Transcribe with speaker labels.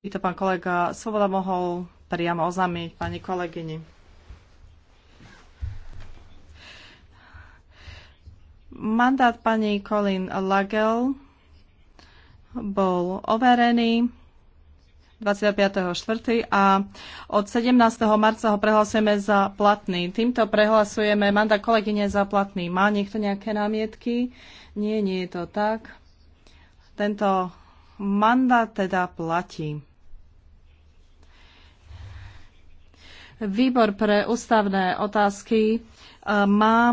Speaker 1: by to pán kolega Svoboda mohol priamo oznámiť pani kolegyni. Mandát pani Colin Lagel bol overený 25.4. a od 17. marca ho prehlasujeme za platný. Týmto prehlasujeme mandát kolegyne za platný. Má niekto nejaké námietky? Nie, nie je to tak. Tento mandát teda platí. Výbor pre ústavné
Speaker 2: otázky e, má